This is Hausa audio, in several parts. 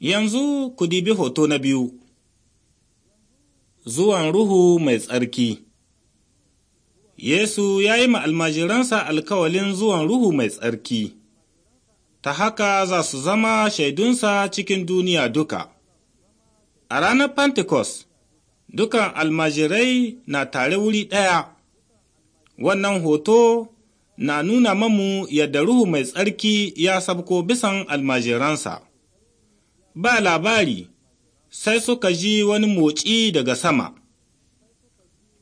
Yanzu ku dibi hoto na biyu, zuwan Ruhu mai tsarki. Yesu ya yi ma almajiransa alkawalin zuwan Ruhu mai tsarki, ta haka za su zama shaidunsa cikin duniya duka. A ranar Pentecost, dukan almajirai na tare wuri ɗaya, wannan hoto na nuna mamu yadda Ruhu mai tsarki ya sabko bisan almajiransa. ba labari, sai suka ji wani motsi daga sama.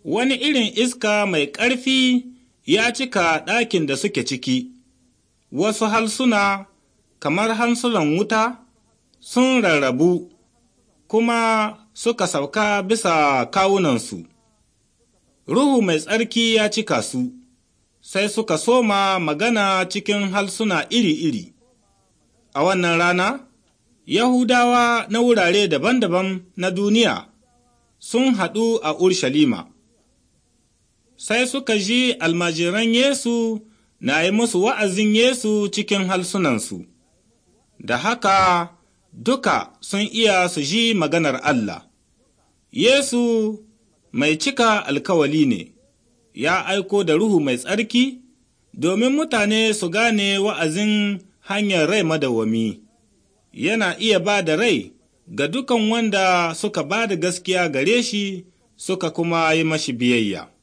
Wani irin iska mai ƙarfi ya cika ɗakin da suke ciki, wasu halsuna kamar hansunan wuta sun rarrabu kuma suka sauka bisa kawunansu. Ruhu mai tsarki ya cika su, sai suka soma magana cikin halsuna iri-iri. A wannan rana, Yahudawa na wurare daban-daban na duniya sun haɗu a Urshalima, sai suka ji almajiran Yesu na yi musu wa'azin Yesu cikin halsunansu, da haka duka sun iya su ji maganar Allah. Yesu mai cika alkawali ne, ya aiko da Ruhu mai tsarki domin mutane su gane wa'azin hanyar rai madawwami. yana iya ba da rai ga dukan wanda suka ba da gaskiya gare shi suka kuma yi mashi biyayya.